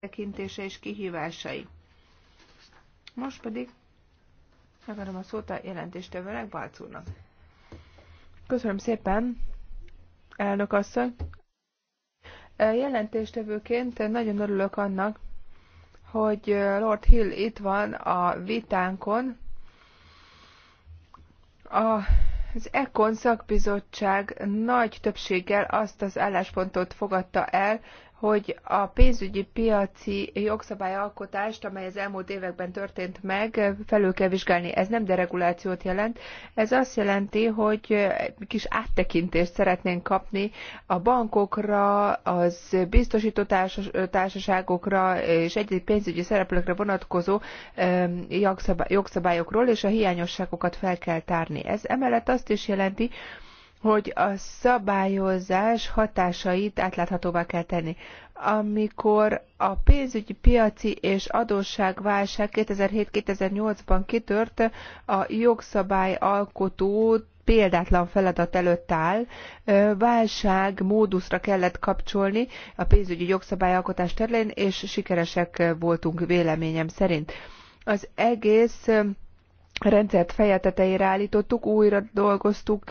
tekintése és kihívásai. Most pedig megadom a szót a jelentéstevőnek, Balc úrnak. Köszönöm szépen, elnök asszony. Jelentéstevőként nagyon örülök annak, hogy Lord Hill itt van a vitánkon. A az Ekon szakbizottság nagy többséggel azt az álláspontot fogadta el, hogy a pénzügyi piaci jogszabályalkotást, amely az elmúlt években történt meg, felül kell vizsgálni. Ez nem deregulációt jelent, ez azt jelenti, hogy kis áttekintést szeretnénk kapni a bankokra, az biztosító társaságokra és egyéb pénzügyi szereplőkre vonatkozó jogszabályokról, és a hiányosságokat fel kell tárni. Ez emellett azt is jelenti, hogy a szabályozás hatásait átláthatóvá kell tenni. Amikor a pénzügyi piaci és adósságválság 2007-2008-ban kitört, a jogszabályalkotó példátlan feladat előtt áll, válság móduszra kellett kapcsolni a pénzügyi jogszabályalkotás terén, és sikeresek voltunk véleményem szerint. Az egész rendszert feje tetejére állítottuk, újra dolgoztuk,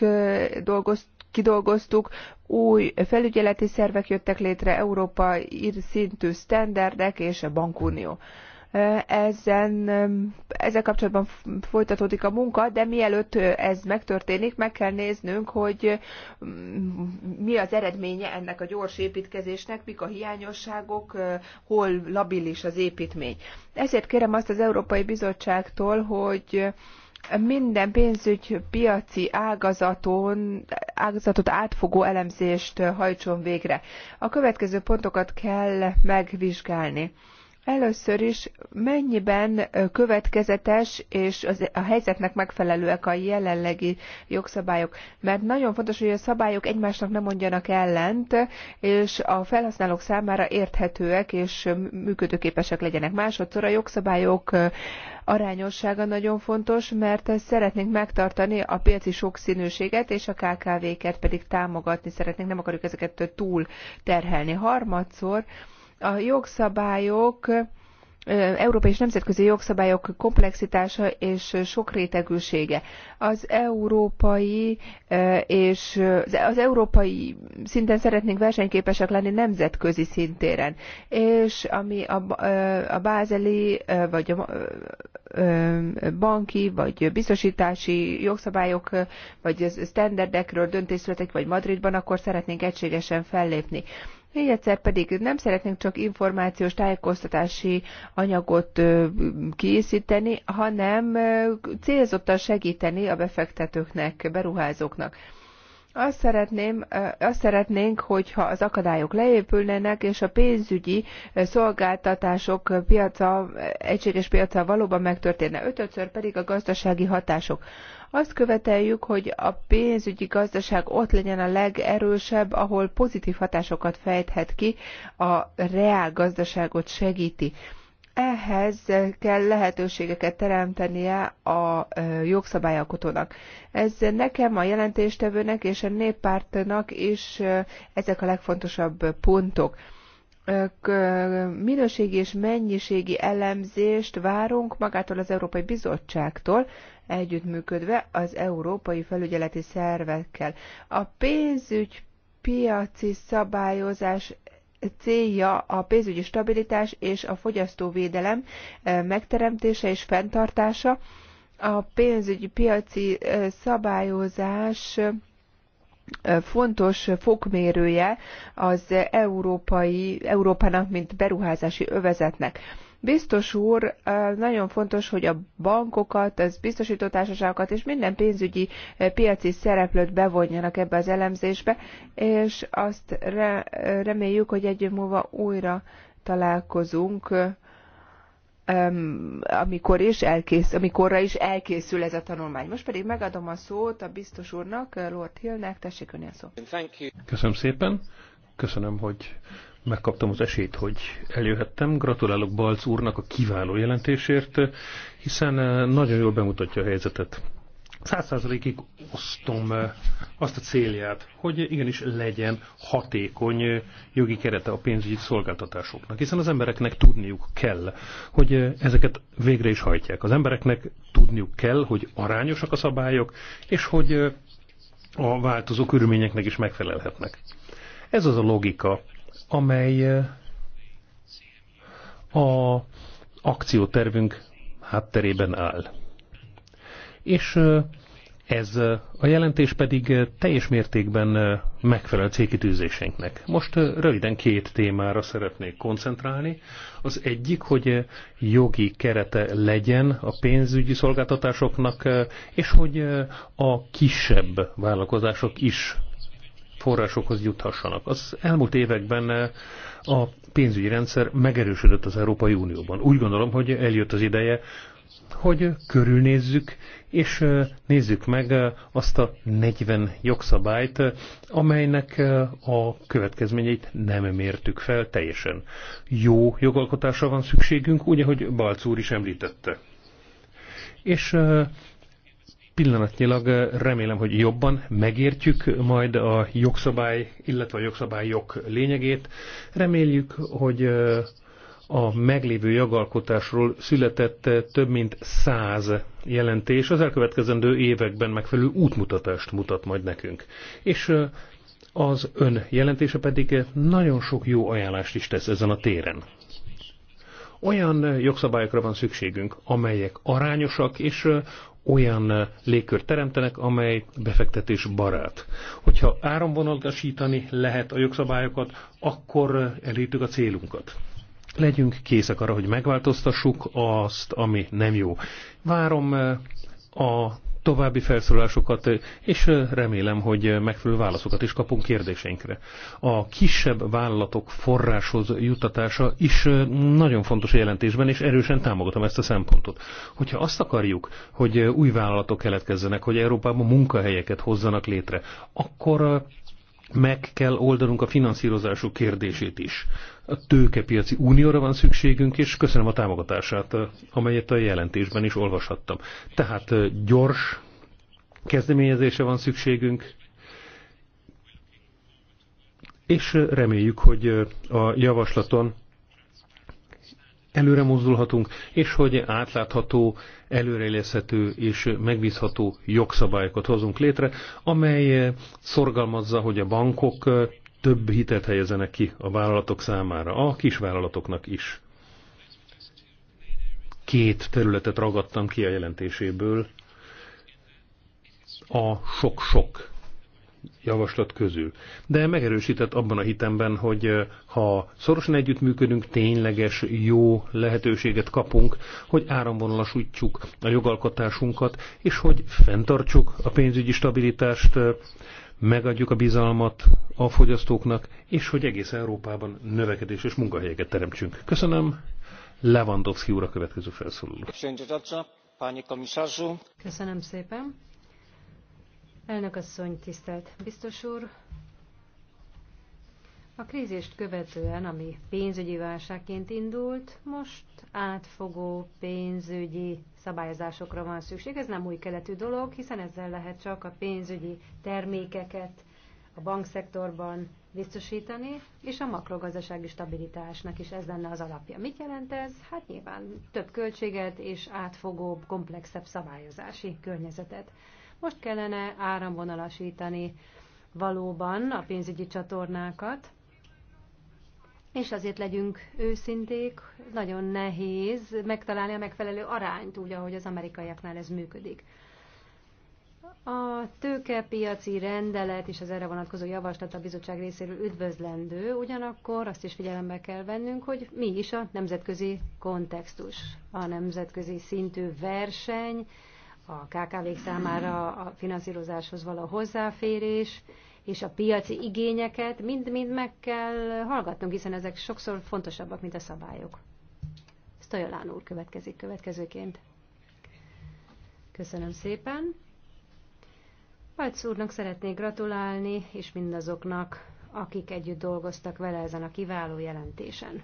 dolgoztuk kidolgoztuk, új felügyeleti szervek jöttek létre, európai szintű sztenderdek és a bankunió ezen, ezzel kapcsolatban folytatódik a munka, de mielőtt ez megtörténik, meg kell néznünk, hogy mi az eredménye ennek a gyors építkezésnek, mik a hiányosságok, hol labilis az építmény. Ezért kérem azt az Európai Bizottságtól, hogy minden pénzügy piaci ágazaton, ágazatot átfogó elemzést hajtson végre. A következő pontokat kell megvizsgálni. Először is mennyiben következetes és az, a helyzetnek megfelelőek a jelenlegi jogszabályok? Mert nagyon fontos, hogy a szabályok egymásnak nem mondjanak ellent, és a felhasználók számára érthetőek és működőképesek legyenek. Másodszor a jogszabályok arányossága nagyon fontos, mert szeretnénk megtartani a piaci sokszínűséget, és a KKV-ket pedig támogatni szeretnénk, nem akarjuk ezeket túl terhelni. Harmadszor, a jogszabályok európai és nemzetközi jogszabályok komplexitása és sokrétegűsége. Az európai és az európai szinten szeretnénk versenyképesek lenni nemzetközi szintéren, és ami a, a bázeli, vagy a banki, vagy biztosítási jogszabályok, vagy standardekről döntés születik, vagy Madridban, akkor szeretnénk egységesen fellépni. Még egyszer pedig nem szeretnénk csak információs tájékoztatási anyagot készíteni, hanem célzottan segíteni a befektetőknek, beruházóknak. Azt, szeretném, azt szeretnénk, hogyha az akadályok leépülnének, és a pénzügyi szolgáltatások piaca, egységes piaca valóban megtörténne. Ötödször pedig a gazdasági hatások. Azt követeljük, hogy a pénzügyi gazdaság ott legyen a legerősebb, ahol pozitív hatásokat fejthet ki, a reál gazdaságot segíti. Ehhez kell lehetőségeket teremtenie a jogszabályalkotónak. Ez nekem, a jelentéstevőnek és a néppártnak is ezek a legfontosabb pontok minőségi és mennyiségi elemzést várunk magától az Európai Bizottságtól, együttműködve az európai felügyeleti szervekkel. A pénzügy piaci szabályozás célja a pénzügyi stabilitás és a fogyasztóvédelem eh, megteremtése és fenntartása. A pénzügyi piaci eh, szabályozás eh, fontos fokmérője az európai, Európának, mint beruházási övezetnek Biztos úr, nagyon fontos, hogy a bankokat, az biztosítótársaságokat és minden pénzügyi piaci szereplőt bevonjanak ebbe az elemzésbe, és azt reméljük, hogy egy év múlva újra találkozunk, amikor is elkész, amikorra is elkészül ez a tanulmány. Most pedig megadom a szót a biztos úrnak, Lord Hillnek, tessék önél szó. Köszönöm szépen, köszönöm, hogy megkaptam az esélyt, hogy eljöhettem. Gratulálok Balc úrnak a kiváló jelentésért, hiszen eh, nagyon jól bemutatja a helyzetet. Százszázalékig osztom eh, azt a célját, hogy igenis legyen hatékony eh, jogi kerete a pénzügyi szolgáltatásoknak, hiszen az embereknek tudniuk kell, hogy ezeket végre is hajtják. Az embereknek tudniuk kell, hogy arányosak a szabályok, és hogy a változó körülményeknek is megfelelhetnek. Ez az a logika, amely eh, a akciótervünk hátterében áll. És eh, ez eh, a jelentés pedig teljes mértékben megfelel cégkitűzésénknek. Most röviden két témára szeretnék koncentrálni. Az egyik, hogy jogi kerete legyen a pénzügyi szolgáltatásoknak, és hogy a kisebb vállalkozások is forrásokhoz juthassanak. Az elmúlt években eh, a pénzügyi rendszer megerősödött az Európai Unióban. Úgy gondolom, hogy eljött az ideje, hogy körülnézzük, és eh, nézzük meg eh, azt a 40 jogszabályt, amelynek a következményeit nem mértük fel teljesen. Jó jogalkotásra van szükségünk, úgy, ahogy Balc úr is említette. És pillanatnyilag remélem, hogy jobban megértjük majd a jogszabály, illetve a jogszabályok lényegét. Reméljük, hogy a meglévő jogalkotásról született több mint száz jelentés az elkövetkezendő években megfelelő útmutatást mutat majd nekünk. És az ön jelentése pedig nagyon sok jó ajánlást is tesz ezen a téren. Olyan jogszabályokra van szükségünk, amelyek arányosak, és olyan légkört teremtenek, amely befektetés barát. Hogyha áramvonalasítani lehet a jogszabályokat, akkor elértük a célunkat. Legyünk készek arra, hogy megváltoztassuk azt, ami nem jó. Várom a további felszólásokat, és remélem, hogy megfelelő válaszokat is kapunk kérdéseinkre. A kisebb vállalatok forráshoz juttatása is nagyon fontos jelentésben, és erősen támogatom ezt a szempontot. Hogyha azt akarjuk, hogy új vállalatok keletkezzenek, hogy Európában munkahelyeket hozzanak létre, akkor meg kell oldanunk a finanszírozások kérdését is. A tőkepiaci unióra van szükségünk, és köszönöm a támogatását, amelyet a jelentésben is olvashattam. Tehát gyors kezdeményezése van szükségünk, és reméljük, hogy a javaslaton előre mozdulhatunk, és hogy átlátható, előrejleszhető és megbízható jogszabályokat hozunk létre, amely szorgalmazza, hogy a bankok több hitelt helyezenek ki a vállalatok számára, a kisvállalatoknak is. Két területet ragadtam ki a jelentéséből, a sok-sok javaslat közül. De megerősített abban a hitemben, hogy eh, ha szorosan együttműködünk, tényleges jó lehetőséget kapunk, hogy áramvonalasítsuk a jogalkotásunkat, és hogy fenntartsuk a pénzügyi stabilitást, eh, megadjuk a bizalmat a fogyasztóknak, és hogy egész Európában növekedés és munkahelyeket teremtsünk. Köszönöm. Lewandowski úr a következő felszólaló. Köszönöm szépen. Elnök asszony, tisztelt biztos úr! A krízist követően, ami pénzügyi válságként indult, most átfogó pénzügyi szabályozásokra van szükség. Ez nem új keletű dolog, hiszen ezzel lehet csak a pénzügyi termékeket a bankszektorban biztosítani, és a makrogazdasági stabilitásnak is ez lenne az alapja. Mit jelent ez? Hát nyilván több költséget és átfogóbb, komplexebb szabályozási környezetet. Most kellene áramvonalasítani valóban a pénzügyi csatornákat, és azért legyünk őszinték, nagyon nehéz megtalálni a megfelelő arányt, úgy, ahogy az amerikaiaknál ez működik. A tőkepiaci rendelet és az erre vonatkozó javaslat a bizottság részéről üdvözlendő, ugyanakkor azt is figyelembe kell vennünk, hogy mi is a nemzetközi kontextus, a nemzetközi szintű verseny, a KKV-k számára a finanszírozáshoz való hozzáférés és a piaci igényeket mind-mind meg kell hallgatnunk, hiszen ezek sokszor fontosabbak, mint a szabályok. Sztajolán úr következik következőként. Köszönöm szépen. Pajc úrnak szeretnék gratulálni, és mindazoknak, akik együtt dolgoztak vele ezen a kiváló jelentésen.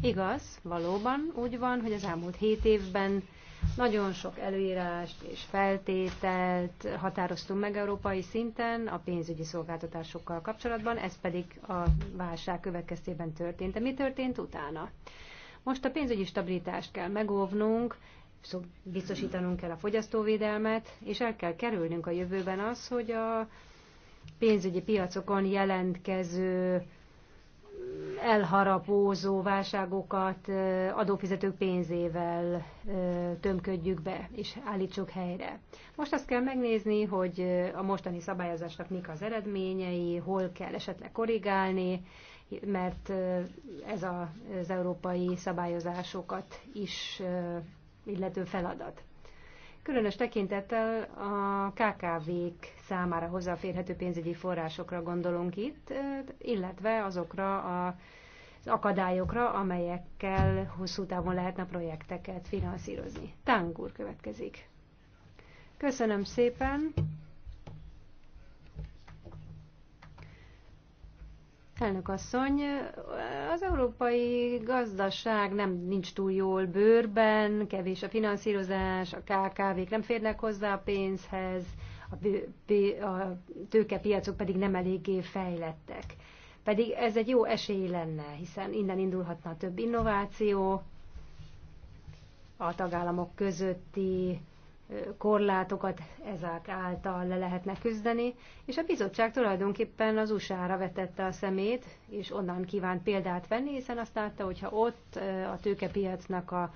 Igaz, valóban úgy van, hogy az elmúlt hét évben nagyon sok előírást és feltételt határoztunk meg európai szinten a pénzügyi szolgáltatásokkal kapcsolatban, ez pedig a válság következtében történt. De mi történt utána? Most a pénzügyi stabilitást kell megóvnunk, biztosítanunk kell a fogyasztóvédelmet, és el kell kerülnünk a jövőben az, hogy a pénzügyi piacokon jelentkező elharapózó válságokat adófizetők pénzével tömködjük be, és állítsuk helyre. Most azt kell megnézni, hogy a mostani szabályozásnak mik az eredményei, hol kell esetleg korrigálni, mert ez az európai szabályozásokat is illető feladat különös tekintettel a KKV-k számára hozzáférhető pénzügyi forrásokra gondolunk itt, illetve azokra a az akadályokra, amelyekkel hosszú távon lehetne projekteket finanszírozni. Tángúr következik. Köszönöm szépen! Elnök asszony, az európai gazdaság nem nincs túl jól bőrben, kevés a finanszírozás, a KKV-k nem férnek hozzá a pénzhez, a, a tőkepiacok pedig nem eléggé fejlettek. Pedig ez egy jó esély lenne, hiszen innen indulhatna több innováció, a tagállamok közötti korlátokat ezek által le lehetne küzdeni, és a bizottság tulajdonképpen az USA-ra vetette a szemét, és onnan kívánt példát venni, hiszen azt látta, hogyha ott a tőkepiacnak a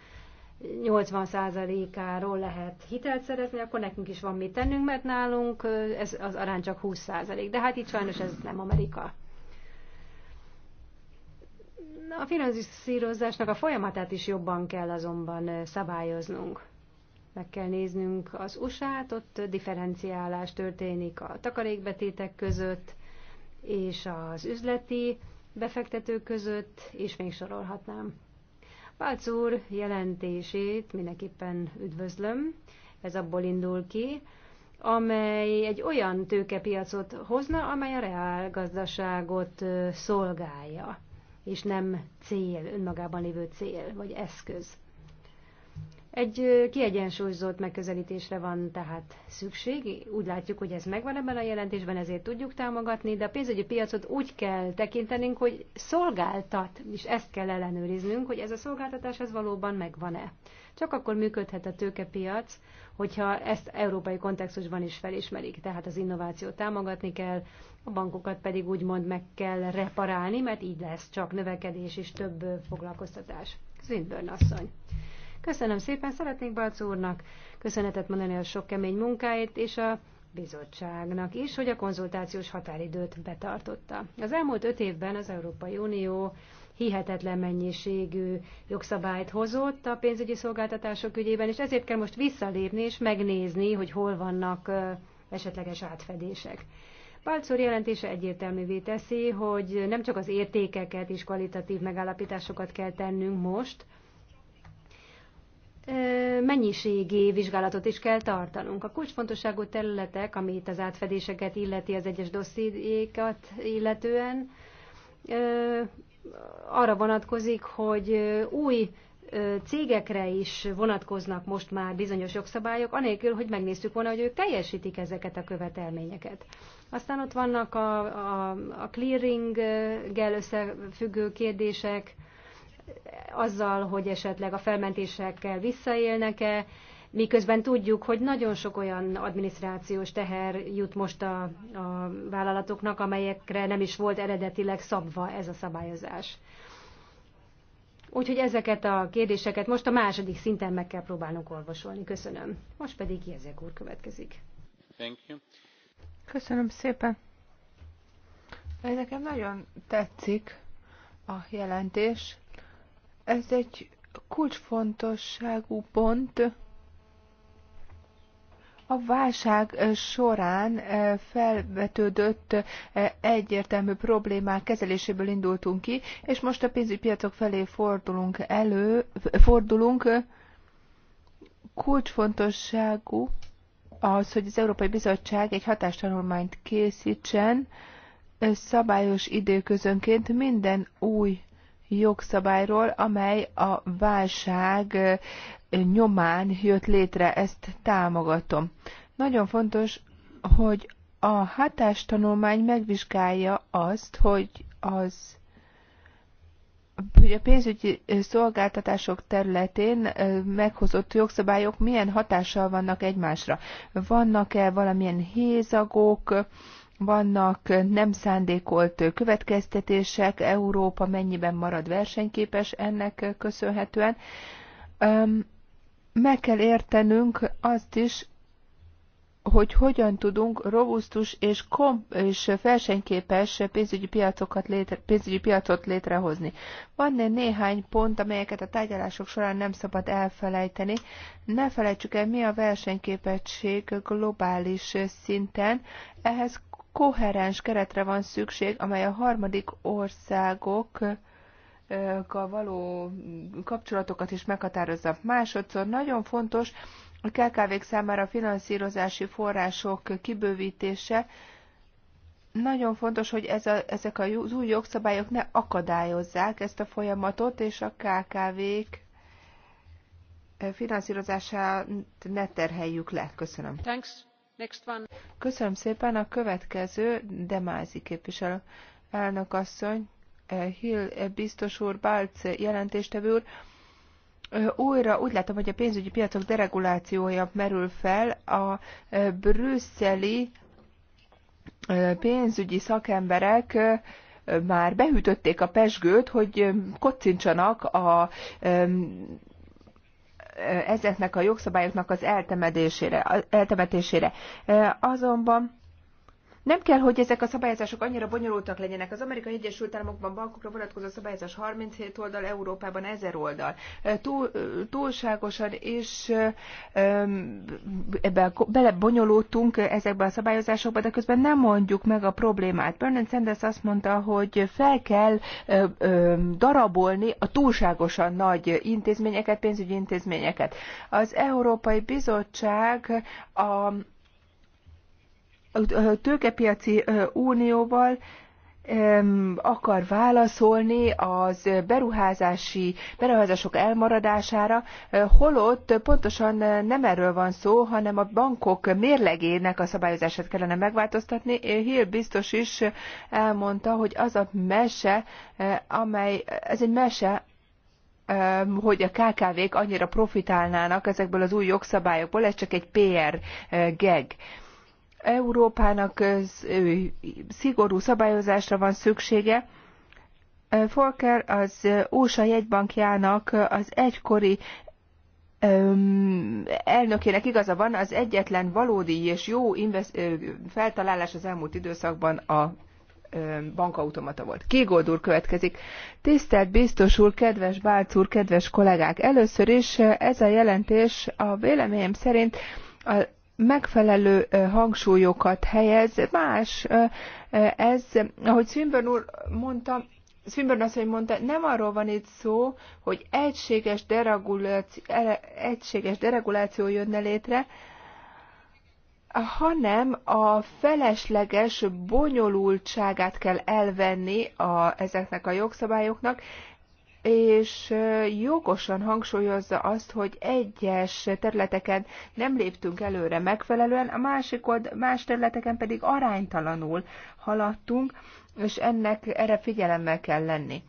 80%-áról lehet hitelt szerezni, akkor nekünk is van mit tennünk, mert nálunk ez az arány csak 20%. De hát itt sajnos ez nem Amerika. A finanszírozásnak a folyamatát is jobban kell azonban szabályoznunk meg kell néznünk az USA-t, ott differenciálás történik a takarékbetétek között, és az üzleti befektetők között, és még sorolhatnám. Pálc úr jelentését mindenképpen üdvözlöm, ez abból indul ki, amely egy olyan tőkepiacot hozna, amely a reál gazdaságot szolgálja, és nem cél, önmagában lévő cél vagy eszköz. Egy kiegyensúlyozott megközelítésre van tehát szükség. Úgy látjuk, hogy ez megvan ebben a jelentésben, ezért tudjuk támogatni, de a pénzügyi piacot úgy kell tekintenünk, hogy szolgáltat, és ezt kell ellenőriznünk, hogy ez a szolgáltatás ez valóban megvan-e. Csak akkor működhet a tőkepiac, hogyha ezt európai kontextusban is felismerik. Tehát az innovációt támogatni kell, a bankokat pedig úgymond meg kell reparálni, mert így lesz csak növekedés és több foglalkoztatás. Zindbörn asszony. Köszönöm szépen, szeretnék Balc úrnak köszönetet mondani a sok kemény munkáért és a bizottságnak is, hogy a konzultációs határidőt betartotta. Az elmúlt öt évben az Európai Unió hihetetlen mennyiségű jogszabályt hozott a pénzügyi szolgáltatások ügyében, és ezért kell most visszalépni és megnézni, hogy hol vannak esetleges átfedések. Balcor jelentése egyértelművé teszi, hogy nem csak az értékeket és kvalitatív megállapításokat kell tennünk most, mennyiségi vizsgálatot is kell tartanunk. A kulcsfontosságú területek, amit az átfedéseket illeti, az egyes dossziékat illetően, arra vonatkozik, hogy új cégekre is vonatkoznak most már bizonyos jogszabályok, anélkül, hogy megnéztük volna, hogy ők teljesítik ezeket a követelményeket. Aztán ott vannak a, a, a clearing-gel összefüggő kérdések, azzal, hogy esetleg a felmentésekkel visszaélnek-e, miközben tudjuk, hogy nagyon sok olyan adminisztrációs teher jut most a, a vállalatoknak, amelyekre nem is volt eredetileg szabva ez a szabályozás. Úgyhogy ezeket a kérdéseket most a második szinten meg kell próbálnunk orvosolni. Köszönöm. Most pedig Jezek úr következik. Thank you. Köszönöm szépen. Nekem nagyon tetszik a jelentés. Ez egy kulcsfontosságú pont a válság eh, során eh, felvetődött eh, egyértelmű problémák kezeléséből indultunk ki, és most a pénzügypiacok felé fordulunk elő, fordulunk kulcsfontosságú az, hogy az Európai Bizottság egy hatástanulmányt készítsen szabályos időközönként minden új jogszabályról, amely a válság nyomán jött létre. Ezt támogatom. Nagyon fontos, hogy a hatástanulmány megvizsgálja azt, hogy az hogy a pénzügyi szolgáltatások területén meghozott jogszabályok milyen hatással vannak egymásra. Vannak-e valamilyen hézagok, vannak nem szándékolt következtetések, Európa mennyiben marad versenyképes ennek köszönhetően. Meg kell értenünk azt is, hogy hogyan tudunk robusztus és, kom- és versenyképes pénzügyi, piacokat létre- pénzügyi piacot létrehozni. Van néhány pont, amelyeket a tárgyalások során nem szabad elfelejteni. Ne felejtsük el, mi a versenyképesség globális szinten. Ehhez koherens keretre van szükség, amely a harmadik országok a való kapcsolatokat is meghatározza. Másodszor nagyon fontos a kkv számára a finanszírozási források kibővítése. Nagyon fontos, hogy ez a, ezek az új jogszabályok ne akadályozzák ezt a folyamatot, és a KKV-k finanszírozását ne terheljük le. Köszönöm. Thanks. Köszönöm szépen. A következő Demázi képviselő. Elnök asszony, eh, Hill eh, biztos úr, Balc eh, jelentéstevő úr. Újra úgy látom, hogy a pénzügyi piacok deregulációja merül fel. A brüsszeli pénzügyi szakemberek már behűtötték a pesgőt, hogy kocincsanak a ezeknek a jogszabályoknak az eltemetésére. eltemetésére. Azonban nem kell, hogy ezek a szabályozások annyira bonyolultak legyenek. Az Amerikai Egyesült Államokban bankokra vonatkozó szabályozás 37 oldal, Európában 1000 oldal. Túl, túlságosan és ebbe belebonyolultunk ezekbe a szabályozásokba, de közben nem mondjuk meg a problémát. Bernard Sanders azt mondta, hogy fel kell darabolni a túlságosan nagy intézményeket, pénzügyi intézményeket. Az Európai Bizottság a tőkepiaci unióval akar válaszolni az beruházási, beruházások elmaradására, holott pontosan nem erről van szó, hanem a bankok mérlegének a szabályozását kellene megváltoztatni. Hill biztos is elmondta, hogy az a mese, amely, ez egy mese, hogy a KKV-k annyira profitálnának ezekből az új jogszabályokból, ez csak egy PR geg. Európának szigorú szabályozásra van szüksége. Volker az USA jegybankjának az egykori elnökének igaza van, az egyetlen valódi és jó feltalálás az elmúlt időszakban a bankautomata volt. Kigold úr következik. Tisztelt biztos úr, kedves Bálc úr, kedves kollégák! Először is ez a jelentés a véleményem szerint a megfelelő hangsúlyokat helyez. Más ez, ahogy Swinburne úr mondta, Swinburne asszony mondta, nem arról van itt szó, hogy egységes dereguláció, egységes dereguláció jönne létre, hanem a felesleges bonyolultságát kell elvenni a, ezeknek a jogszabályoknak, és jogosan hangsúlyozza azt, hogy egyes területeken nem léptünk előre megfelelően, a másik old, más területeken pedig aránytalanul haladtunk, és ennek erre figyelemmel kell lenni.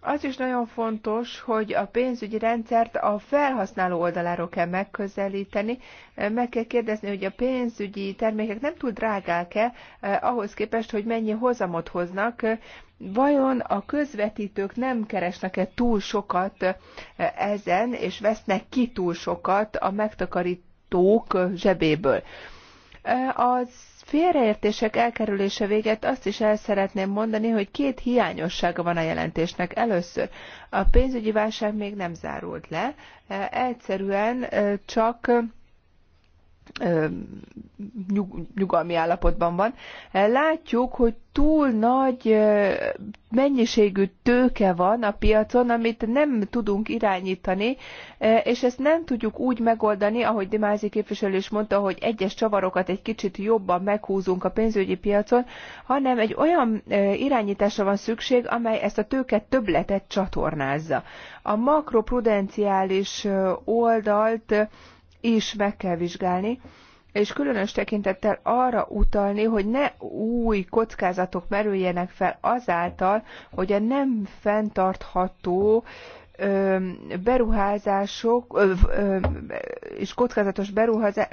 Az is nagyon fontos, hogy a pénzügyi rendszert a felhasználó oldaláról kell megközelíteni. Meg kell kérdezni, hogy a pénzügyi termékek nem túl drágák-e ahhoz képest, hogy mennyi hozamot hoznak, Vajon a közvetítők nem keresnek-e túl sokat eh, ezen, és vesznek ki túl sokat a megtakarítók zsebéből? Eh, az félreértések elkerülése véget azt is el szeretném mondani, hogy két hiányossága van a jelentésnek. Először a pénzügyi válság még nem zárult le, eh, egyszerűen csak nyug, nyugalmi állapotban van. Látjuk, hogy túl nagy mennyiségű tőke van a piacon, amit nem tudunk irányítani, és ezt nem tudjuk úgy megoldani, ahogy Dimázi képviselő is mondta, hogy egyes csavarokat egy kicsit jobban meghúzunk a pénzügyi piacon, hanem egy olyan irányításra van szükség, amely ezt a tőke többletet csatornázza. A makroprudenciális oldalt is meg kell vizsgálni, és különös tekintettel arra utalni, hogy ne új kockázatok merüljenek fel azáltal, hogy a nem fenntartható beruházások és kockázatos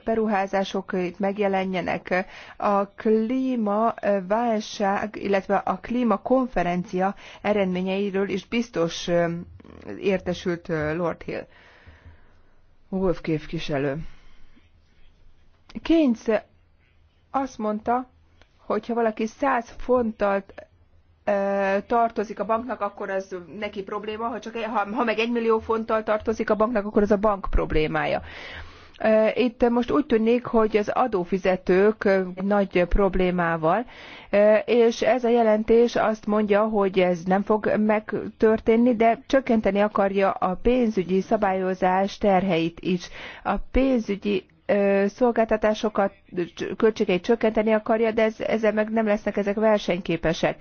beruházások itt megjelenjenek. A klímaválság, illetve a klímakonferencia eredményeiről is biztos értesült Lord Hill. Wolf képviselő. Keynes azt mondta, hogy ha valaki 100 fonttal tartozik a banknak, akkor az neki probléma, ha, csak, ha, ha meg 1 millió fonttal tartozik a banknak, akkor az a bank problémája. Itt most úgy tűnik, hogy az adófizetők nagy problémával, és ez a jelentés azt mondja, hogy ez nem fog megtörténni, de csökkenteni akarja a pénzügyi szabályozás terheit is. A pénzügyi szolgáltatásokat, költségeit csökkenteni akarja, de ezzel meg nem lesznek ezek versenyképesek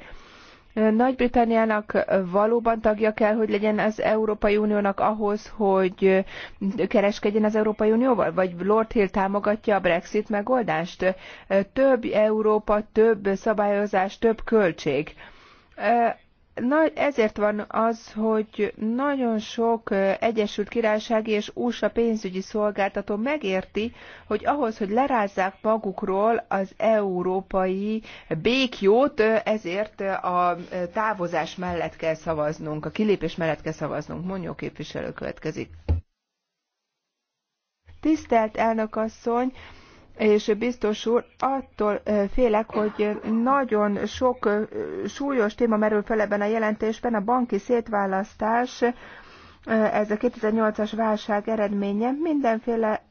nagy-Britanniának valóban tagja kell, hogy legyen az Európai Uniónak ahhoz, hogy kereskedjen az Európai Unióval? Vagy Lord Hill támogatja a Brexit megoldást? Több Európa, több szabályozás, több költség ezért van az, hogy nagyon sok Egyesült Királysági és USA pénzügyi szolgáltató megérti, hogy ahhoz, hogy lerázzák magukról az európai békjót, ezért a távozás mellett kell szavaznunk, a kilépés mellett kell szavaznunk. Mondjó képviselő következik. Tisztelt elnök asszony! és biztos úr, attól félek, hogy nagyon sok súlyos téma merül fel ebben a jelentésben, a banki szétválasztás, ez a 2008-as válság eredménye, mindenféle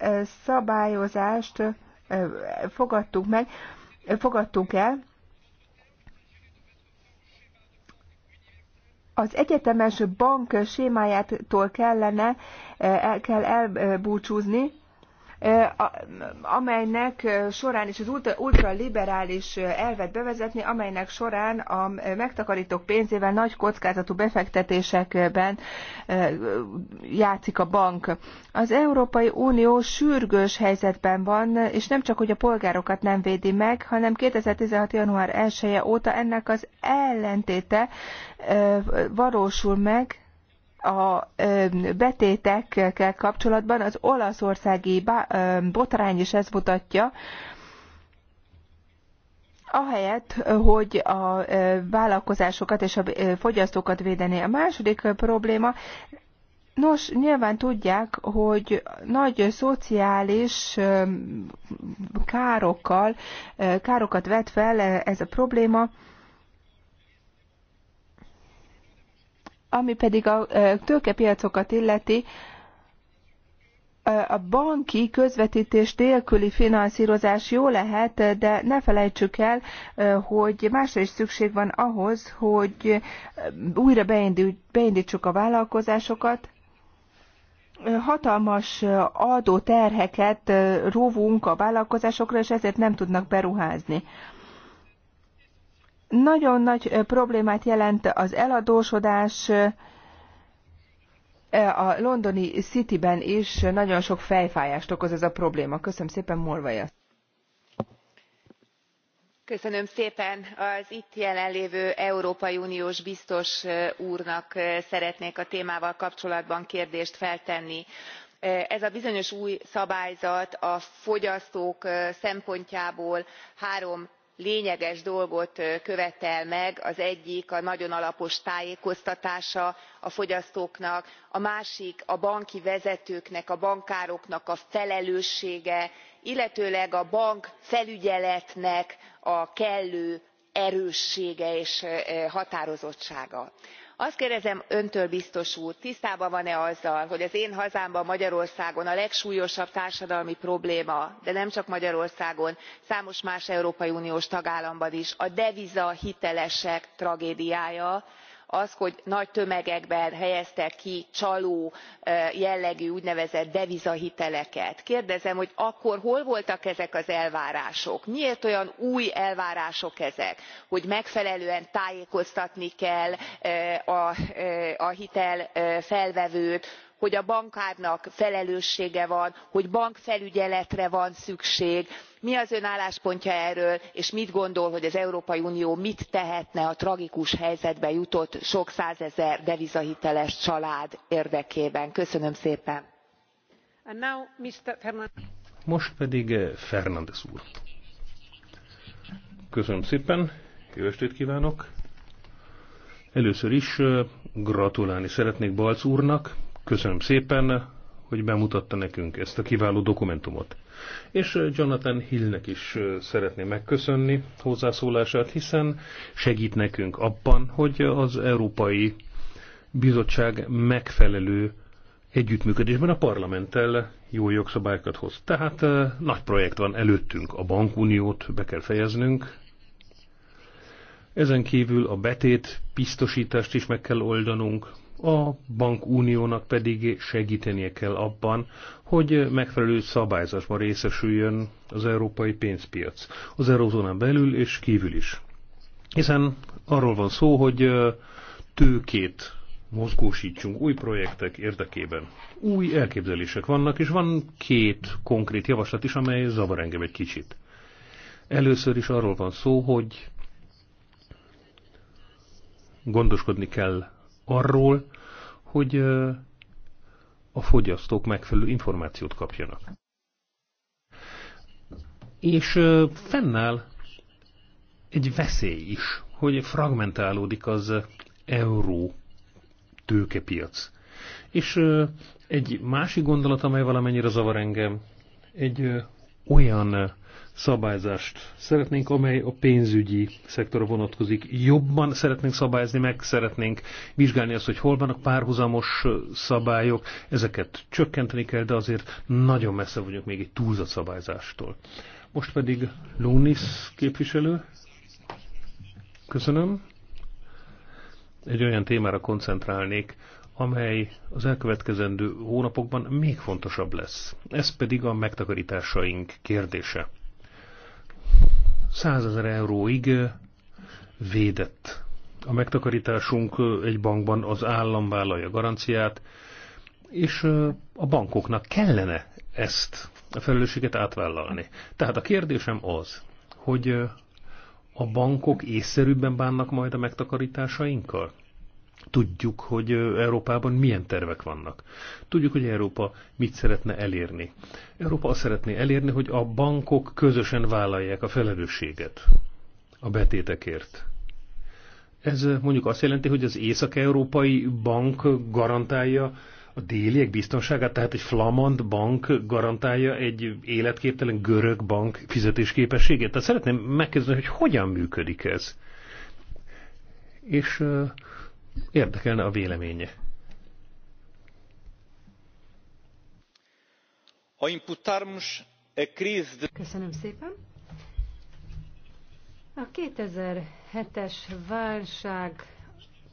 szabályozást fogadtunk meg, fogadtunk el, az egyetemes bank sémájától kellene, el kell elbúcsúzni, amelynek során is az ultraliberális elvet bevezetni, amelynek során a megtakarítók pénzével nagy kockázatú befektetésekben játszik a bank. Az Európai Unió sürgős helyzetben van, és nem csak, hogy a polgárokat nem védi meg, hanem 2016. január 1 -e óta ennek az ellentéte valósul meg, a betétekkel kapcsolatban az olaszországi botrány is ezt mutatja, ahelyett, hogy a vállalkozásokat és a fogyasztókat védené. A második probléma, nos, nyilván tudják, hogy nagy szociális károkkal, károkat vet fel ez a probléma, Ami pedig a tőkepiacokat illeti, a banki közvetítés nélküli finanszírozás jó lehet, de ne felejtsük el, hogy másra is szükség van ahhoz, hogy újra beindítsuk a vállalkozásokat. Hatalmas adóterheket róvunk a vállalkozásokra, és ezért nem tudnak beruházni. Nagyon nagy problémát jelent az eladósodás, a londoni Cityben is nagyon sok fejfájást okoz ez a probléma. Köszönöm szépen, Morvaja. Köszönöm szépen. az itt jelenlévő európai uniós biztos úrnak szeretnék a témával kapcsolatban kérdést feltenni ez a bizonyos új szabályzat a fogyasztók szempontjából három lényeges dolgot követel meg az egyik a nagyon alapos tájékoztatása a fogyasztóknak a másik a banki vezetőknek a bankároknak a felelőssége illetőleg a bankfelügyeletnek a kellő erőssége és határozottsága azt kérdezem öntől biztos úr tisztában van e azzal hogy az én hazámban magyarországon a legsúlyosabb társadalmi probléma de nem csak magyarországon számos más európai uniós tagállamban is a devizahitelesek tragédiája az hogy nagy tömegekben helyeztek ki csaló jellegű úgynevezett devizahiteleket. kérdezem hogy akkor hol voltak ezek az elvárások? miért olyan új elvárások ezek hogy megfelelően tájékoztatni kell a hitelfelvevőt hogy a bankárnak felelőssége van hogy bankfelügyeletre van szükség mi az ön álláspontja erről és mit gondol hogy az európai unió mit tehetne a tragikus helyzetbe jutott sok százezer devizahiteles család érdekében? köszönöm szépen. most pedig eh, fernandes úr. Köszönöm szépen, jó estét kívánok! Először is eh, gratulálni szeretnék Balc úrnak, Köszönöm szépen, hogy bemutatta nekünk ezt a kiváló dokumentumot. És Jonathan Hillnek is szeretném megköszönni hozzászólását, hiszen segít nekünk abban, hogy az Európai Bizottság megfelelő együttműködésben a parlamenttel jó jogszabályokat hoz. Tehát nagy projekt van előttünk, a bankuniót be kell fejeznünk, ezen kívül a betét biztosítást is meg kell oldanunk, a bankuniónak pedig segítenie kell abban, hogy megfelelő szabályzásban részesüljön az európai pénzpiac, az eurozónán belül és kívül is. Hiszen arról van szó, hogy tőkét mozgósítsunk új projektek érdekében. Új elképzelések vannak, és van két konkrét javaslat is, amely zavar engem egy kicsit. Először is arról van szó, hogy gondoskodni kell arról, hogy a fogyasztók megfelelő információt kapjanak. És fennáll egy veszély is, hogy fragmentálódik az euró tőkepiac. És egy másik gondolat, amely valamennyire zavar engem, egy olyan szabályzást szeretnénk, amely a pénzügyi szektorra vonatkozik. Jobban szeretnénk szabályozni, meg szeretnénk vizsgálni azt, hogy hol vannak párhuzamos szabályok, ezeket csökkenteni kell, de azért nagyon messze vagyunk még egy túlzott szabályzástól. Most pedig Lunis képviselő. Köszönöm. Egy olyan témára koncentrálnék, amely az elkövetkezendő hónapokban még fontosabb lesz. Ez pedig a megtakarításaink kérdése. 100 ezer euróig védett. A megtakarításunk egy bankban az állam vállalja garanciát, és a bankoknak kellene ezt a felelősséget átvállalni. Tehát a kérdésem az, hogy a bankok észszerűbben bánnak majd a megtakarításainkkal? Tudjuk, hogy Európában milyen tervek vannak. Tudjuk, hogy Európa mit szeretne elérni. Európa azt szeretné elérni, hogy a bankok közösen vállalják a felelősséget a betétekért. Ez mondjuk azt jelenti, hogy az észak-európai bank garantálja a déliek biztonságát, tehát egy flamand bank garantálja egy életképtelen görög bank fizetésképességét. Tehát szeretném megkérdezni, hogy hogyan működik ez. És Érdekelne a véleménye. Ha imputarmos e Köszönöm szépen. A 2007-es válság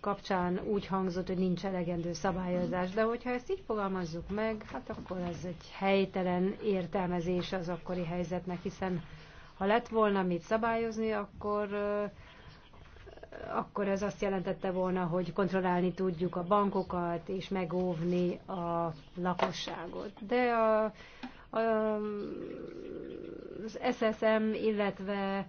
kapcsán úgy hangzott, hogy nincs elegendő szabályozás, de hogyha ezt így fogalmazzuk meg, hát akkor ez egy helytelen értelmezés az akkori helyzetnek, hiszen ha lett volna mit szabályozni, akkor akkor ez azt jelentette volna, hogy kontrollálni tudjuk a bankokat és megóvni a lakosságot. De a, a, az SSM, illetve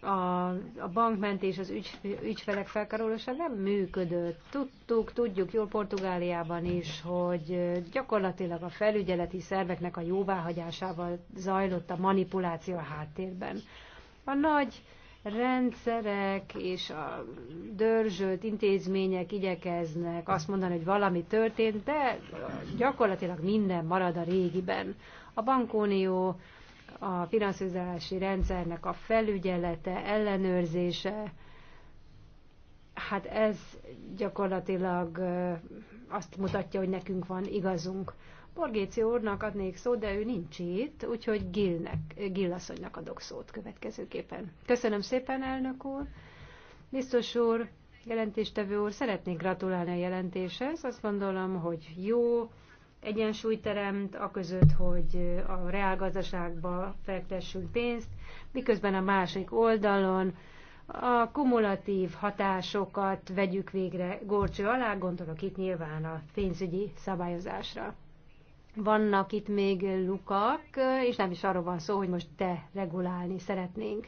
a, a bankmentés az ügy, ügyfelek felkarolása nem működött. Tudtuk, tudjuk jól Portugáliában is, hogy gyakorlatilag a felügyeleti szerveknek a jóváhagyásával zajlott a manipuláció a háttérben. A nagy rendszerek és a dörzsölt intézmények igyekeznek azt mondani, hogy valami történt, de gyakorlatilag minden marad a régiben. A bankónió, a finanszírozási rendszernek a felügyelete, ellenőrzése, hát ez gyakorlatilag azt mutatja, hogy nekünk van igazunk. Borgéci úrnak adnék szót, de ő nincs itt, úgyhogy Gilnek, Gill adok szót következőképpen. Köszönöm szépen, elnök úr. Biztos úr, jelentéstevő úr, szeretnék gratulálni a jelentéshez. Azt gondolom, hogy jó egyensúly teremt, a között, hogy a reálgazdaságba fektessünk pénzt, miközben a másik oldalon a kumulatív hatásokat vegyük végre górcső alá, gondolok itt nyilván a pénzügyi szabályozásra. Vannak itt még lukak, és nem is arról van szó, hogy most regulálni szeretnénk.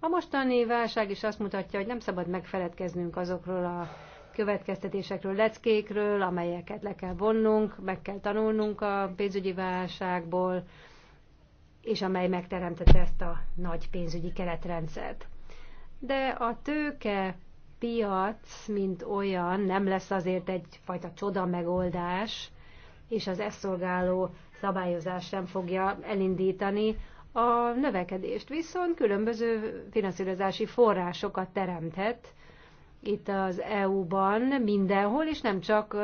A mostani válság is azt mutatja, hogy nem szabad megfeledkeznünk azokról a következtetésekről, leckékről, amelyeket le kell vonnunk, meg kell tanulnunk a pénzügyi válságból, és amely megteremtette ezt a nagy pénzügyi keretrendszert. De a tőke piac, mint olyan, nem lesz azért egyfajta csoda megoldás, és az ezt szolgáló szabályozás sem fogja elindítani a növekedést. Viszont különböző finanszírozási forrásokat teremthet itt az EU-ban mindenhol, és nem csak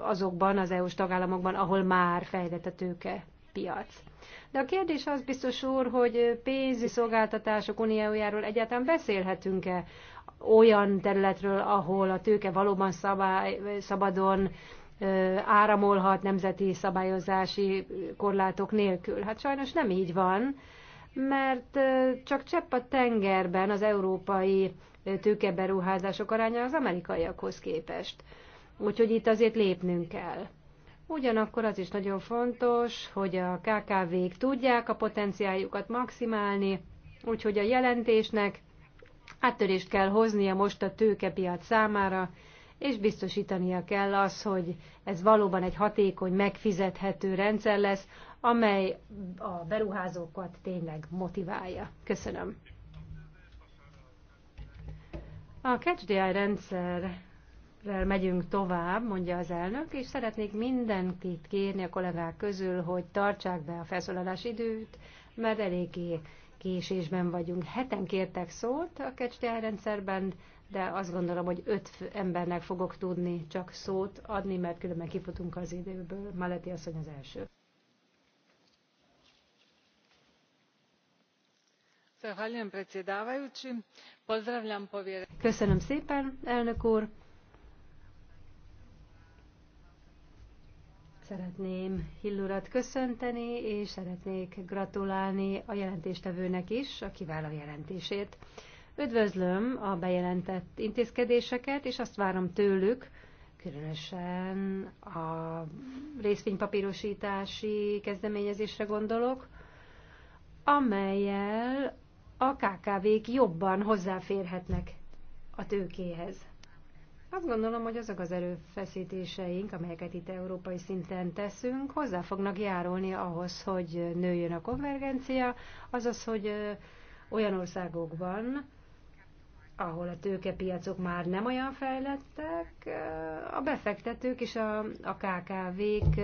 azokban az EU-s tagállamokban, ahol már fejlett a tőke piac. De a kérdés az biztos úr, hogy pénzi szolgáltatások uniójáról egyáltalán beszélhetünk-e olyan területről, ahol a tőke valóban szabály, szabadon áramolhat nemzeti szabályozási korlátok nélkül. Hát sajnos nem így van, mert csak csepp a tengerben az európai tőkeberuházások aránya az amerikaiakhoz képest. Úgyhogy itt azért lépnünk kell. Ugyanakkor az is nagyon fontos, hogy a KKV-k tudják a potenciáljukat maximálni, úgyhogy a jelentésnek áttörést kell hoznia most a tőkepiac számára, és biztosítania kell az, hogy ez valóban egy hatékony, megfizethető rendszer lesz, amely a beruházókat tényleg motiválja. Köszönöm. A CatchDI rendszerrel megyünk tovább, mondja az elnök, és szeretnék mindenkit kérni a kollégák közül, hogy tartsák be a felszólalás időt, mert eléggé késésben vagyunk. Heten kértek szót a CatchDI rendszerben, de azt gondolom, hogy öt embernek fogok tudni csak szót adni, mert különben kifutunk az időből. Maleti asszony az első. Köszönöm szépen, elnök úr! Szeretném Hillurat köszönteni, és szeretnék gratulálni a jelentéstevőnek is a kiváló jelentését. Üdvözlöm a bejelentett intézkedéseket, és azt várom tőlük, különösen a részvénypapírosítási kezdeményezésre gondolok, amelyel a KKV-k jobban hozzáférhetnek a tőkéhez. Azt gondolom, hogy azok az erőfeszítéseink, amelyeket itt európai szinten teszünk, hozzá fognak járulni ahhoz, hogy nőjön a konvergencia, azaz, hogy olyan országokban, ahol a tőkepiacok már nem olyan fejlettek, a befektetők és a, a KKV-k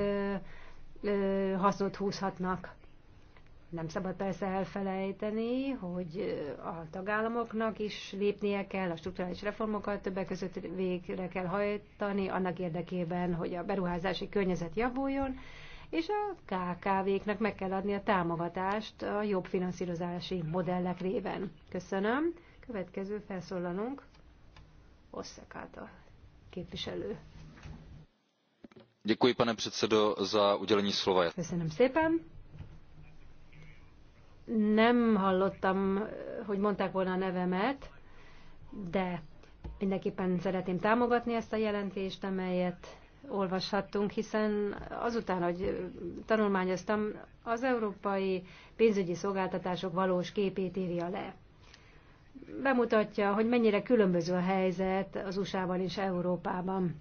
hasznot húzhatnak. Nem szabad persze elfelejteni, hogy a tagállamoknak is lépnie kell, a strukturális reformokat többek között végre kell hajtani, annak érdekében, hogy a beruházási környezet javuljon, és a KKV-knak meg kell adni a támogatást a jobb finanszírozási modellek réven. Köszönöm. Következő felszólalunk Osszek által képviselő. Děkuji, pane předsedo, za udělení slova. Köszönöm szépen. Nem hallottam, hogy mondták volna a nevemet, de mindenképpen szeretném támogatni ezt a jelentést, amelyet olvashattunk, hiszen azután, hogy tanulmányoztam, az európai pénzügyi szolgáltatások valós képét írja le bemutatja, hogy mennyire különböző a helyzet az USA-ban és Európában.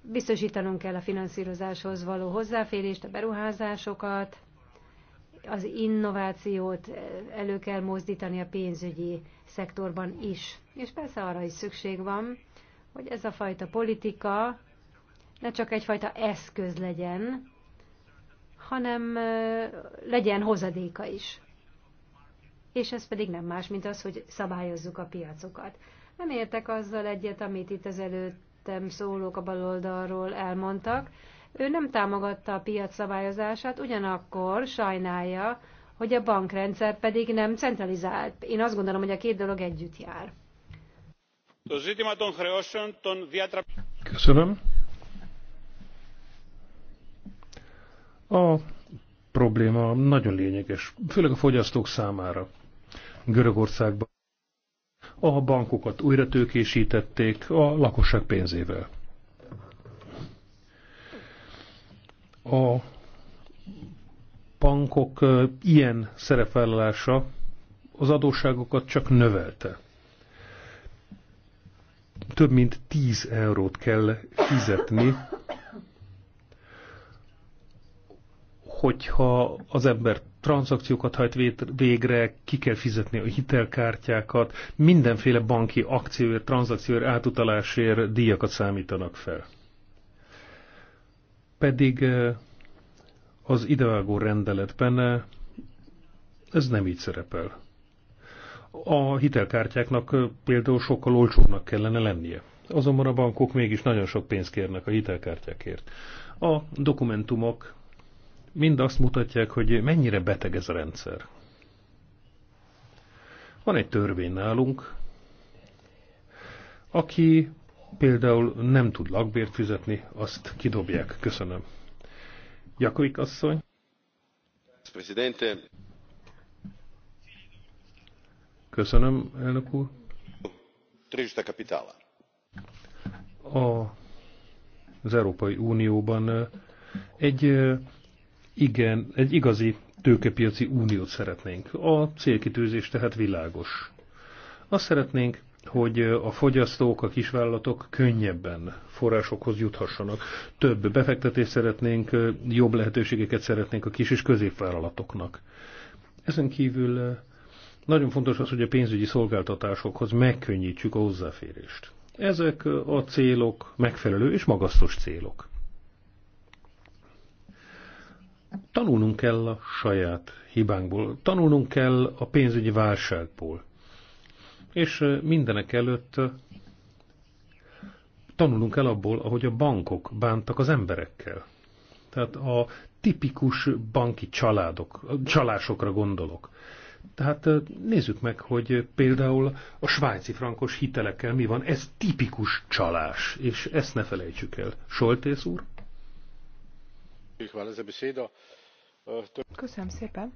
Biztosítanunk kell a finanszírozáshoz való hozzáférést, a beruházásokat, az innovációt elő kell mozdítani a pénzügyi szektorban is. És persze arra is szükség van, hogy ez a fajta politika ne csak egyfajta eszköz legyen, hanem legyen hozadéka is és ez pedig nem más, mint az, hogy szabályozzuk a piacokat. Nem értek azzal egyet, amit itt az előttem szólók a baloldalról elmondtak. Ő nem támogatta a piac szabályozását, ugyanakkor sajnálja, hogy a bankrendszer pedig nem centralizált. Én azt gondolom, hogy a két dolog együtt jár. Köszönöm. A probléma nagyon lényeges, főleg a fogyasztók számára. Görögországban. A bankokat újra tőkésítették a lakosság pénzével. A bankok ilyen szerepvállalása az adósságokat csak növelte. Több mint 10 eurót kell fizetni, hogyha az ember tranzakciókat hajt végre, ki kell fizetni a hitelkártyákat, mindenféle banki akcióért, tranzakcióért, átutalásért díjakat számítanak fel. Pedig eh, az idevágó rendeletben eh, ez nem így szerepel. A hitelkártyáknak eh, például sokkal olcsóbbnak kellene lennie. Azonban a bankok mégis nagyon sok pénzt kérnek a hitelkártyákért. A dokumentumok mind azt mutatják, hogy mennyire beteg ez a rendszer. Van egy törvény nálunk, aki például nem tud lakbért fizetni, azt kidobják. Köszönöm. Jakovik asszony. Presidente. Köszönöm, elnök úr. Trista kapitála. A, az Európai Unióban egy igen, egy igazi tőkepiaci uniót szeretnénk. A célkitűzés tehát világos. Azt szeretnénk, hogy a fogyasztók, a kisvállalatok könnyebben forrásokhoz juthassanak. Több befektetést szeretnénk, jobb lehetőségeket szeretnénk a kis és középvállalatoknak. Ezen kívül eh, nagyon fontos az, hogy a pénzügyi szolgáltatásokhoz megkönnyítsük a hozzáférést. Ezek a célok megfelelő és magasztos célok. Tanulnunk kell a saját hibánkból, tanulnunk kell a pénzügyi válságból. És mindenek előtt tanulnunk kell abból, ahogy a bankok bántak az emberekkel. Tehát a tipikus banki családok, csalásokra gondolok. Tehát nézzük meg, hogy például a svájci frankos hitelekkel mi van. Ez tipikus csalás, és ezt ne felejtsük el. Soltész úr? Köszönöm szépen.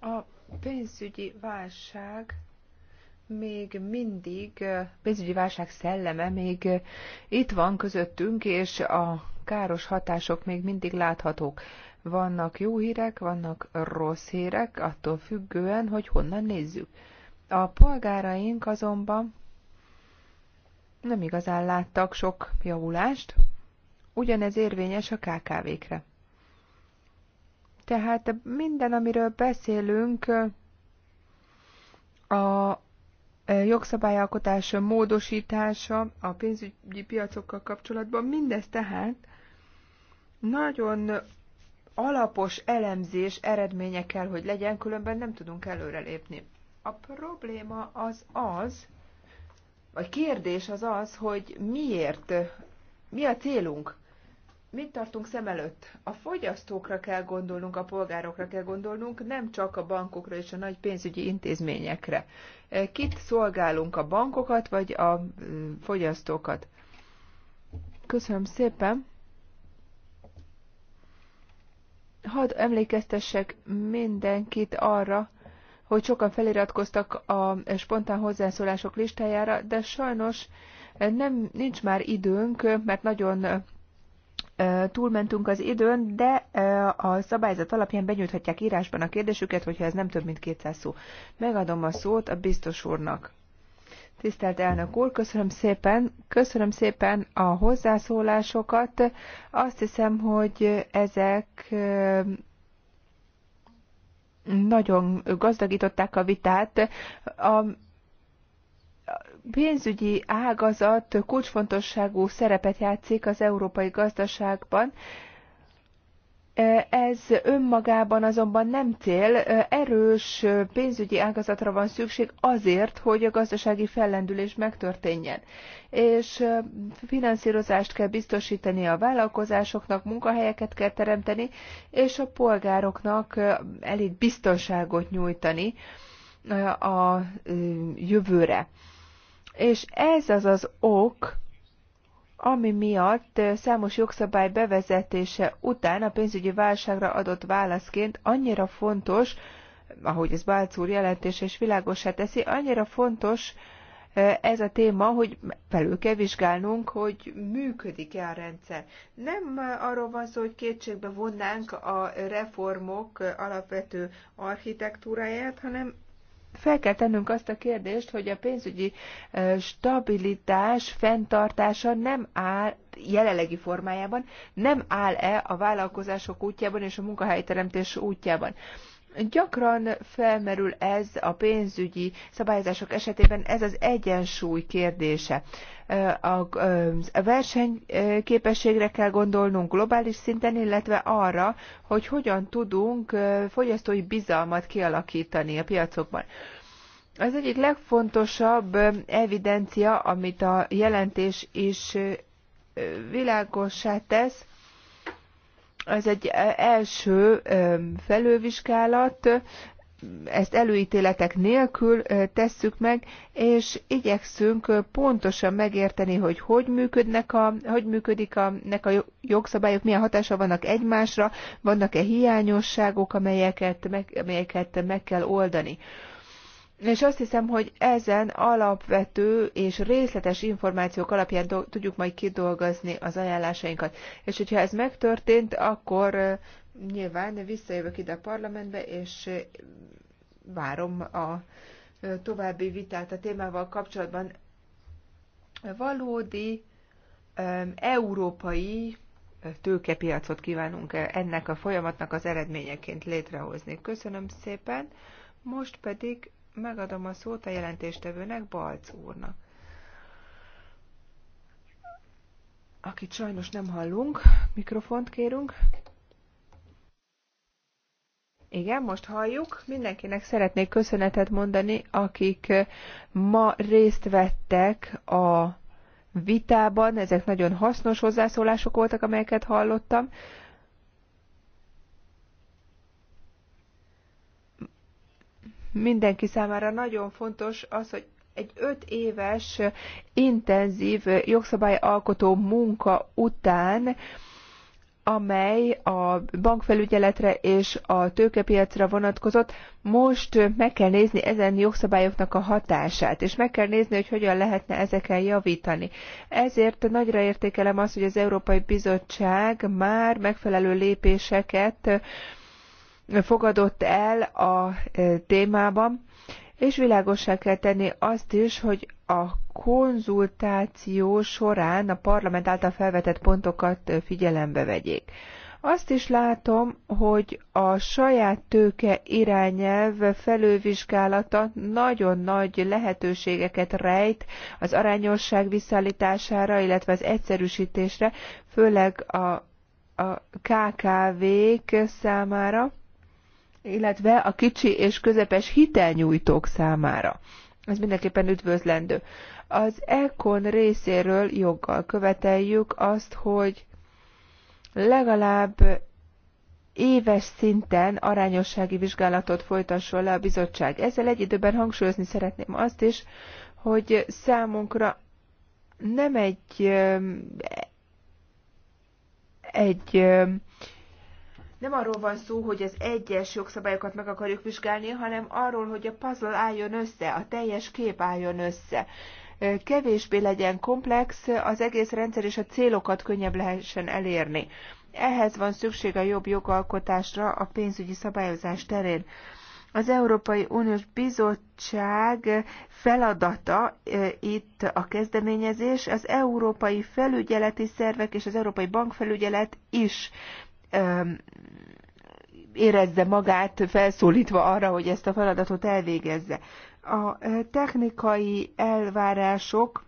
A pénzügyi válság még mindig, pénzügyi válság szelleme még itt van közöttünk, és a káros hatások még mindig láthatók. Vannak jó hírek, vannak rossz hírek, attól függően, hogy honnan nézzük. A polgáraink azonban nem igazán láttak sok javulást, Ugyanez érvényes a KKV-kre. Tehát minden, amiről beszélünk, a e, jogszabályalkotás módosítása a pénzügyi piacokkal kapcsolatban, mindez tehát nagyon alapos elemzés eredménye kell, hogy legyen, különben nem tudunk előrelépni. A probléma az az, vagy kérdés az az, hogy miért, mi a célunk mit tartunk szem előtt? A fogyasztókra kell gondolnunk, a polgárokra kell gondolnunk, nem csak a bankokra és a nagy pénzügyi intézményekre. E, kit szolgálunk, a bankokat vagy a e, fogyasztókat? Köszönöm szépen! Hadd emlékeztessek mindenkit arra, hogy sokan feliratkoztak a spontán hozzászólások listájára, de sajnos e, nem nincs már időnk, mert nagyon túlmentünk az időn, de a szabályzat alapján benyújthatják írásban a kérdésüket, hogyha ez nem több, mint 200 szó. Megadom a szót a biztos úrnak. Tisztelt elnök úr, köszönöm szépen, köszönöm szépen a hozzászólásokat. Azt hiszem, hogy ezek nagyon gazdagították a vitát. A pénzügyi ágazat kulcsfontosságú szerepet játszik az európai gazdaságban. E, ez önmagában azonban nem cél, e, erős pénzügyi ágazatra van szükség azért, hogy a gazdasági fellendülés megtörténjen. És e, finanszírozást kell biztosítani a vállalkozásoknak, munkahelyeket kell teremteni, és a polgároknak elég biztonságot nyújtani a jövőre. És ez az az ok, ami miatt számos jogszabály bevezetése után a pénzügyi válságra adott válaszként annyira fontos, ahogy ez Bálc úr jelentése is világosá teszi, annyira fontos ez a téma, hogy felül kell vizsgálnunk, hogy működik-e a rendszer. Nem arról van szó, hogy kétségbe vonnánk a reformok alapvető architektúráját, hanem fel kell tennünk azt a kérdést, hogy a pénzügyi stabilitás fenntartása nem áll jelenlegi formájában, nem áll-e a vállalkozások útjában és a munkahelyteremtés útjában. Gyakran felmerül ez a pénzügyi szabályozások esetében, ez az egyensúly kérdése. A versenyképességre kell gondolnunk globális szinten, illetve arra, hogy hogyan tudunk fogyasztói bizalmat kialakítani a piacokban. Az egyik legfontosabb evidencia, amit a jelentés is világossá tesz, ez egy e, első e, felővizsgálat, ezt előítéletek nélkül e, tesszük meg, és igyekszünk pontosan megérteni, hogy hogy, működnek a, hogy működik a, nek a jogszabályok, milyen hatása vannak egymásra, vannak-e hiányosságok, amelyeket meg, amelyeket meg kell oldani. És azt hiszem, hogy ezen alapvető és részletes információk alapján tudjuk majd kidolgozni az ajánlásainkat. És hogyha ez megtörtént, akkor nyilván visszajövök ide a parlamentbe, és várom a további vitát a témával kapcsolatban. Valódi európai tőkepiacot kívánunk ennek a folyamatnak az eredményeként létrehozni. Köszönöm szépen! Most pedig megadom a szót a jelentéstevőnek, Balc úrnak. Akit sajnos nem hallunk, mikrofont kérünk. Igen, most halljuk. Mindenkinek szeretnék köszönetet mondani, akik ma részt vettek a vitában. Ezek nagyon hasznos hozzászólások voltak, amelyeket hallottam. mindenki számára nagyon fontos az, hogy egy öt éves intenzív jogszabályalkotó munka után amely a bankfelügyeletre és a tőkepiacra vonatkozott, most meg kell nézni ezen jogszabályoknak a hatását, és meg kell nézni, hogy hogyan lehetne ezeken javítani. Ezért nagyra értékelem azt, hogy az Európai Bizottság már megfelelő lépéseket fogadott el a e, témában, és világossá kell tenni azt is, hogy a konzultáció során a parlament által felvetett pontokat figyelembe vegyék. Azt is látom, hogy a saját tőke irányelv felővizsgálata nagyon nagy lehetőségeket rejt az arányosság visszaállítására, illetve az egyszerűsítésre, főleg a, a KKV-k számára illetve a kicsi és közepes hitelnyújtók számára. Ez mindenképpen üdvözlendő. Az ECON részéről joggal követeljük azt, hogy legalább éves szinten arányossági vizsgálatot folytasson le a bizottság. Ezzel egy időben hangsúlyozni szeretném azt is, hogy számunkra nem egy egy nem arról van szó, hogy az egyes jogszabályokat meg akarjuk vizsgálni, hanem arról, hogy a puzzle álljon össze, a teljes kép álljon össze. Kevésbé legyen komplex az egész rendszer, és a célokat könnyebb lehessen elérni. Ehhez van szükség a jobb jogalkotásra a pénzügyi szabályozás terén. Az Európai Uniós Bizottság feladata itt a kezdeményezés, az európai felügyeleti szervek és az Európai Bankfelügyelet is érezze magát felszólítva arra, hogy ezt a feladatot elvégezze. A e, technikai elvárások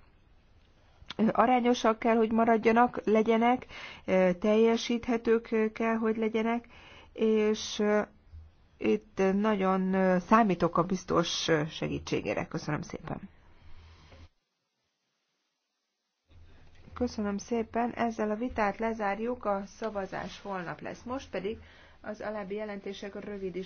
e, arányosak kell, hogy maradjanak, legyenek, e, teljesíthetők kell, hogy legyenek, és itt nagyon számítok a biztos segítségére. Köszönöm szépen. Köszönöm szépen, ezzel a vitát lezárjuk, a szavazás holnap lesz. Most pedig az alábbi jelentések rövid is.